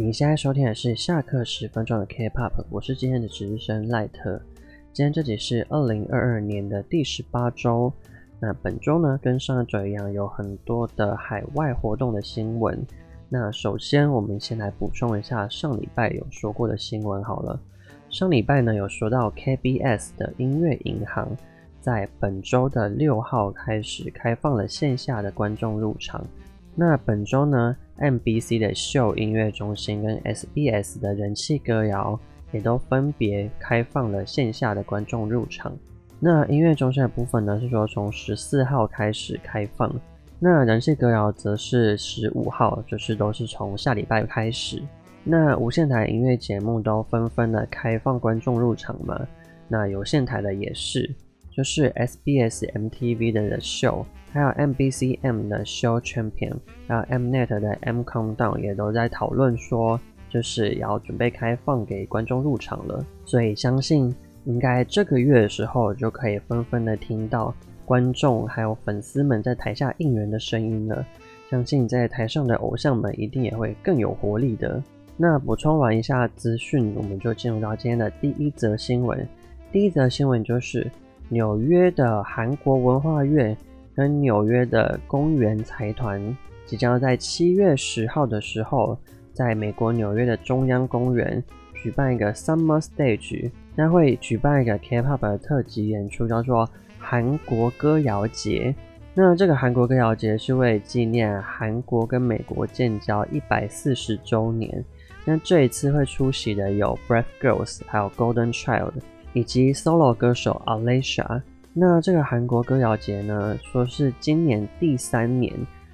您現在收聽的是下課十分鐘的 K-pop，我是今天的值日生賴特。今天這集是二零二二年的第十八週，那本週呢，跟上一週一樣有很多的海外活動的新聞。那首先我們先來補充一下上禮拜有說過的新聞好了，上禮拜呢有說到 KBS 的音樂銀行在本週的六號開始開放了線下的觀眾入場。那本周呢，MBC 的 Show 音樂中心跟 SBS 的人氣歌謠也都分別開放了線下的觀眾入場。那音樂中心的部分呢，是說從十四號開始開放；那人氣歌謠則是十五號，就是都是從下禮拜開始。那無線台音樂節目都紛紛的開放觀眾入場嘛，那有線台的也是。就是 SBS MTV 的 The Show，還有 MBC M 的 Show Champion，還有 Mnet 的 M Countdown 也都在討論說，就是要準備開放給觀眾入場了。所以相信應該這個月的時候就可以紛紛的聽到觀眾還有粉絲們在台下應援的聲音了。相信在台上的偶像們一定也會更有活力的。那補充完一下資訊，我們就進入到今天的第一則新聞。第一則新聞就是。紐約的韓國文化院跟紐約的公園財團即將在七月十號的時候，在美國紐約的中央公園舉辦一個 Summer Stage，那會舉辦一個 K-pop 的特輯演出，叫做韓國歌謠節。那這個韓國歌謠節是為紀念韓國跟美國建交一百四十週年。那這一次會出席的有 Brave Girls，還有 Golden Child。以及 solo 歌手 Alesha。那這個韓國歌謠節呢，說是今年第三年，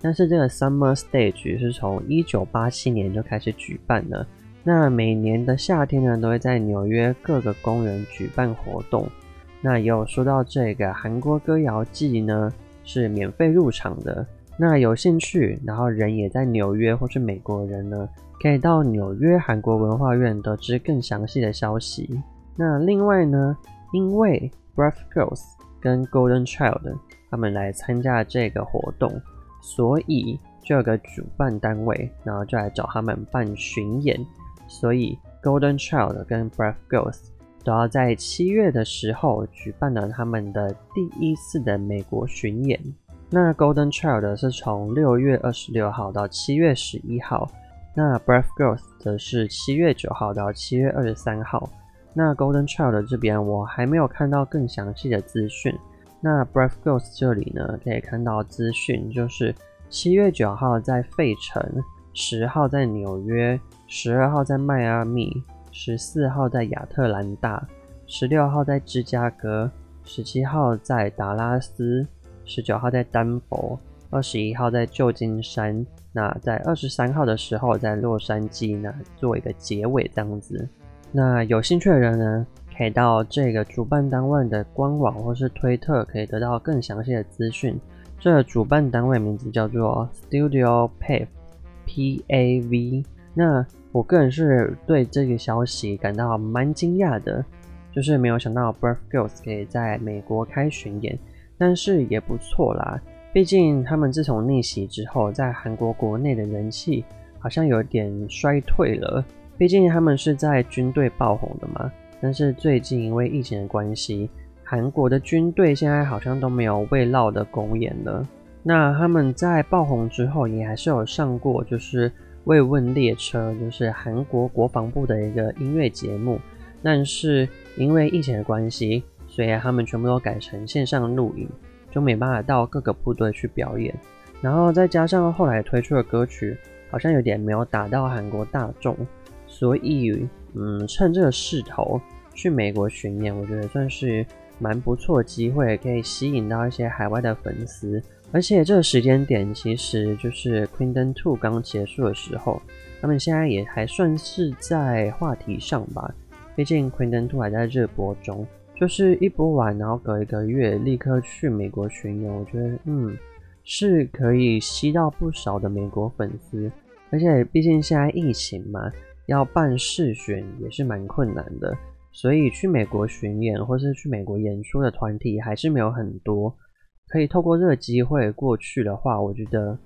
但是這個 Summer Stage 是從1987年就開始舉辦了。那每年的夏天呢，都會在紐約各個公園舉辦活動。那也有說到這個韓國歌謠節呢，是免費入場的。那有興趣，然後人也在紐約或是美國人呢，可以到紐約韓國文化院得知更詳細的消息。那另外呢，因為 Brave Girls 跟 Golden Child 他們來參加這個活動，所以這個主辦單位然後就來找他們辦巡演，所以 Golden Child 跟 Brave Girls 都要在七月的時候舉辦了他們的第一次的美國巡演。那 Golden Child 是從六月二十六號到七月十一號，那 Brave Girls 則是七月九號到七月二十三號。那 Golden Child 的這邊我還沒有看到更詳細的資訊。那 Brave Girls 這裡呢，可以看到資訊，就是七月九號在費城，十號在紐約，十二號在邁阿密，十四號在亞特蘭大，十六號在芝加哥，十七號在達拉斯，十九號在丹佛，二十一號在舊金山。那在二十三號的時候，在洛杉磯呢做一個結尾這樣子。那有興趣的人呢，可以到這個主辦單位的官網或是推特，可以得到更詳細的資訊。這主辦單位名字叫做 Studio Pav，P-A-V。那我個人是對這個消息感到蠻驚訝的，就是沒有想到 Brave Girls 可以在美國開巡演，但是也不錯啦。畢竟他們自從逆襲之後，在韓國國內的人氣好像有點衰退了。畢竟他們是在軍隊爆紅的嘛，但是最近因為疫情的關係，韓國的軍隊現在好像都沒有未落的公演了。那他們在爆紅之後，也還是有上過，就是慰問列車，就是韓國國防部的一個音樂節目。但是因為疫情的關係，所以他們全部都改成線上錄影，就沒辦法到各個部隊去表演。然後再加上後來推出的歌曲，好像有點沒有打到韓國大眾。所以，嗯，趁這個勢頭去美國巡演，我覺得算是蠻不錯機會，可以吸引到一些海外的粉絲。而且這個時間點其實就是《Queendom 2》剛結束的時候，他們現在也還算是在話題上吧。畢竟《Queendom 2》還在熱播中，就是一播完，然後隔一個月立刻去美國巡演，我覺得，嗯，是可以吸到不少的美國粉絲。而且畢竟現在疫情嘛。要辦世巡也是蠻困難的，所以去美國巡演，或是去美國演出的團體還是沒有很多。可以透過這個機會過去的話，我覺得，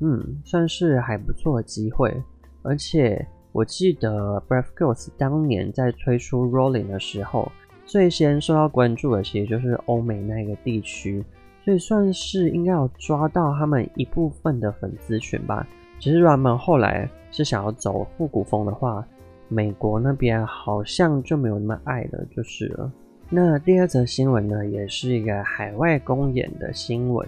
嗯，算是還不錯的機會。而且我記得 Brave Girls 當年在推出 Rolling 的時候，最先受到關注的其實就是歐美那個地區，所以算是應該有抓到他們一部分的粉絲群吧。只是他們後來。是想要走復古風的話，美國那邊好像就沒有那麼愛了就是了。那第二則新聞呢，也是一個海外公演的新聞，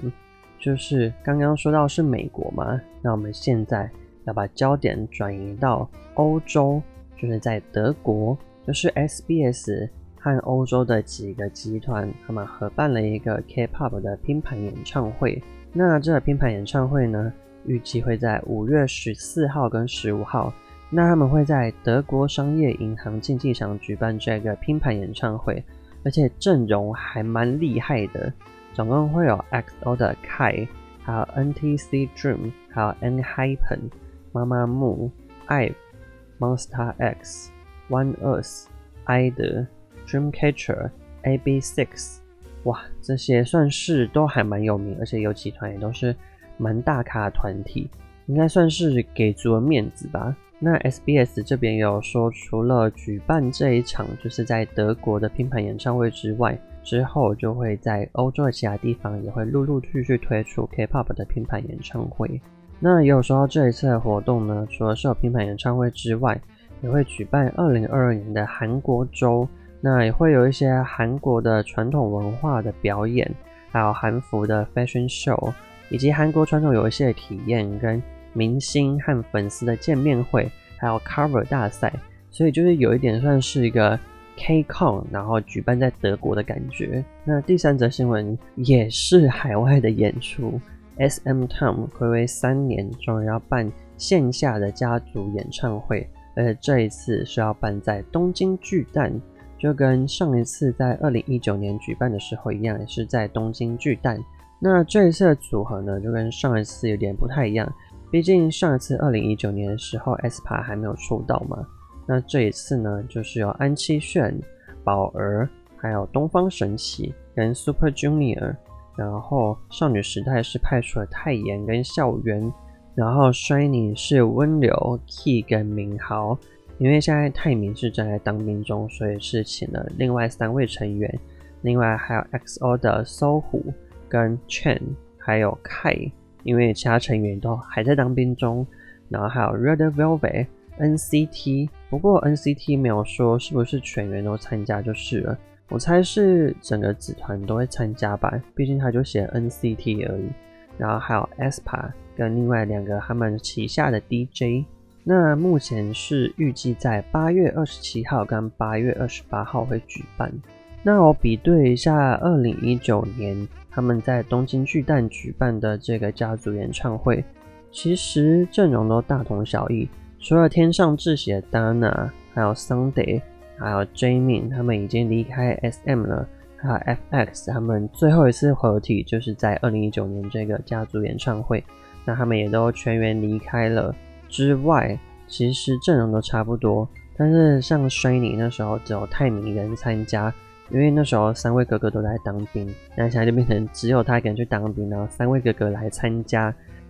就是剛剛說到是美國嘛，那我們現在要把焦點轉移到歐洲，就是在德國，就是 SBS 和歐洲的幾個集團，他們合辦了一個 K-pop 的拼盤演唱會。那這個拼盤演唱會呢？預計會在五月十四號跟十五號，那他們會在德國商業銀行競技場舉辦這個拼盤演唱會，而且陣容還蠻厲害的，總共會有 XO 的 Kai，還有 NTC Dream，還有 ENHYPEN，媽媽木，IVE，Monster X，Oneus，I.D，Dreamcatcher，AB6IX，哇，這些算是都還蠻有名，而且有幾團也都是。蠻大咖的團體，應該算是給足了面子吧。那 SBS 這邊也有說，除了舉辦這一場就是在德國的拼盤演唱會之外，之後就會在歐洲的其他地方也會陸陸續續推出 K-pop 的拼盤演唱會。那也有說到這一次的活動呢，除了是有拼盤演唱會之外，也會舉辦二零二二年的韓國週，那也會有一些韓國的傳統文化的表演，還有韓服的 fashion show。以及韓國傳統遊戲的體驗，跟明星和粉絲的見面會，還有 cover 大賽，所以就是有一點算是一個 KCON，然後舉辦在德國的感覺。那第三則新聞也是海外的演出，SMTOWN 回歸三年終於要辦線下的家族演唱會，而且這一次是要辦在東京巨蛋，就跟上一次在二零一九年舉辦的時候一樣，也是在東京巨蛋。那這一次的組合呢，就跟上一次有點不太一樣，畢竟上一次二零一九年的時候，aespa 還沒有出道嘛。那這一次呢，就是有安七炫、寶兒，還有東方神起跟 Super Junior，然後少女時代是派出了泰妍跟孝淵，然後 SHINee 是溫流、Key 跟珉豪，因為現在泰民是正在當兵中，所以是請了另外三位成員，另外還有 EXO 的 SUHO。跟 Chen 還有 Kai，因為其他成員都還在當兵中，然後還有 Red Velvet、NCT，不過 NCT 沒有說是不是全員都參加就是了。我猜是整個子團都會參加吧，畢竟他就寫 NCT 而已。然後還有 aespa 跟另外兩個他們旗下的 DJ。那目前是預計在八月二十七號跟八月二十八號會舉辦。那我比對一下二零一九年。他們在東京巨蛋舉辦的這個家族演唱會，其實陣容都大同小異，除了天上智喜的 Dana，還有 Sunday，還有 J-Min，他們已經離開 SM 了，還有 FX，他們最後一次合體就是在2019年這個家族演唱會，那他們也都全員離開了之外，其實陣容都差不多，但是像 SHINee 那時候只有泰民一人參加。因為那時候三位哥哥都在當兵，那現在就變成只有他一個人去當兵，然後三位哥哥來參加，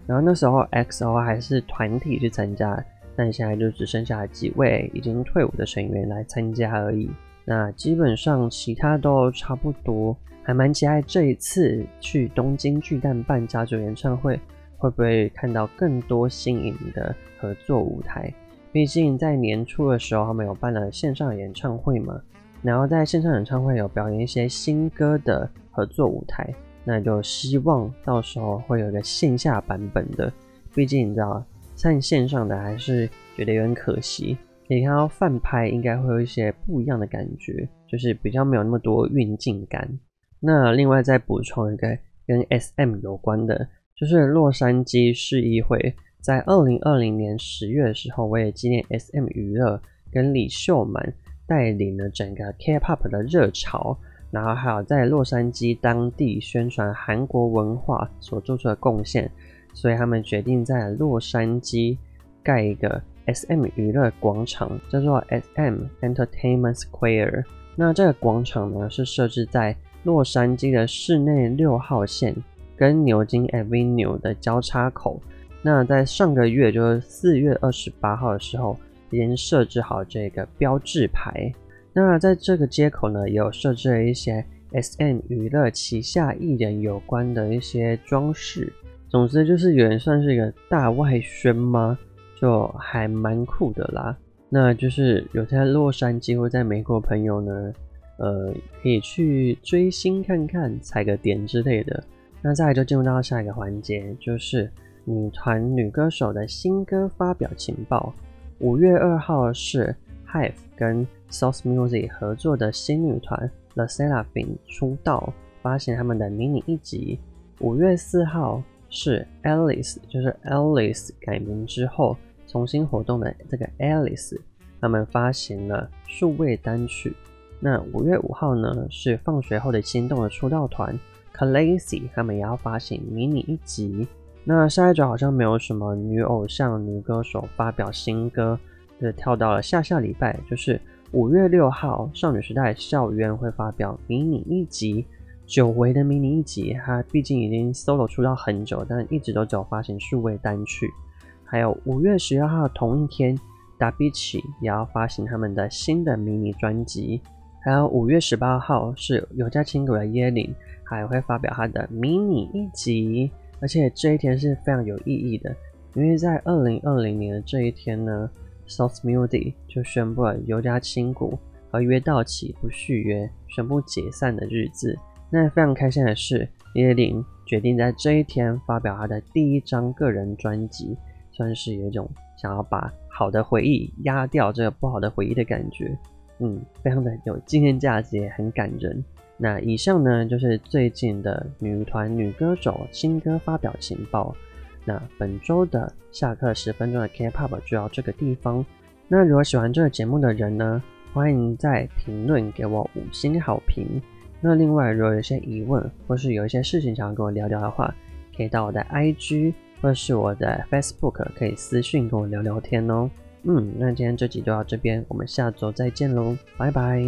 然後那時候 EXO 還是團體去參加，那現在就只剩下幾位已經退伍的成員來參加而已。那基本上其他都差不多，還蠻期待這一次去東京巨蛋辦家族演唱會，會不會看到更多新穎的合作舞台？畢竟在年初的時候他們有辦了線上演唱會嘛。然後在線上演唱會有表演一些新歌的合作舞台，那就希望到時候會有一個線下版本的。畢竟你知道，看線上的還是覺得有點可惜。可以看到飯拍應該會有一些不一樣的感覺，就是比較沒有那麼多運鏡感。那另外再補充一個跟 SM 有關的，就是洛杉磯市議會，在二零二零年十月的時候，我也紀念 SM 娛樂跟李秀滿。帶領了整個 K-pop 的熱潮，然後還有在洛杉磯當地宣傳韓國文化所做出的貢獻，所以他們決定在洛杉磯蓋一個 SM 娛樂廣場，叫做 SM Entertainment Square。那這個廣場呢，是設置在洛杉磯的室內六號線跟牛津 Avenue 的交叉口。那在上個月，就是四月二十八號的時候，先設置好這個標誌牌。那在這個接口呢，也有設置了一些 SM 娛樂旗下藝人有關的一些裝飾。總之就是有人算是一個大外宣嗎，就還蠻酷的啦。那就是有在洛杉磯或在美國朋友呢，呃，可以去追星看看，踩個點之類的。那再來就進入到下一個環節，就是女團女歌手的新歌發表情報。五月二號是 Hive 跟 Source Music 合作的新女團 LE SSERAFIM 出道，發行他們的迷你一輯。五月四號是 Alice，就是 Alice 改名之後重新活動的這個 Alice，他們發行了數位單曲。那五月五號呢是放學後的心動的出道團 CLASS:y，他們也要發行迷你一輯。那下一周好像沒有什麼女偶像、女歌手發表新歌，就是、跳到了下下禮拜，就是五月六號，少女時代孝淵會發表迷你一輯，久違的迷你一輯。她畢竟已經 solo 出道很久，但一直都只有發行數位單曲。還有五月十二號同一天，達比奇也要發行他們的新的迷你專輯。還有五月十八號是有家親歌的睿隣，還會發表她的迷你一輯。而且這一天是非常有意義的，因為在二零二零年的這一天呢， Source Music 就宣布了由家清谷合約到期不續約，宣布解散的日子。那非常開心的是，睿 隣決定在這一天發表他的第一張個人專輯，算是有一種想要把好的回憶壓掉這個不好的回憶的感覺。嗯，非常的有紀念價值，也很感人。那以上呢，就是最近的女團女歌手新歌發表情報。那本周的下課十分鐘的 K-pop 就到這個地方。那如果喜歡這個節目的人呢，歡迎在評論給我五星好評。那另外如果有些疑問或是有一些事情想要跟我聊聊的話，可以到我的 IG 或是我的 Facebook，可以私訊跟我聊聊天哦。嗯，那今天這集就到這邊，我們下周再見嘍，拜拜。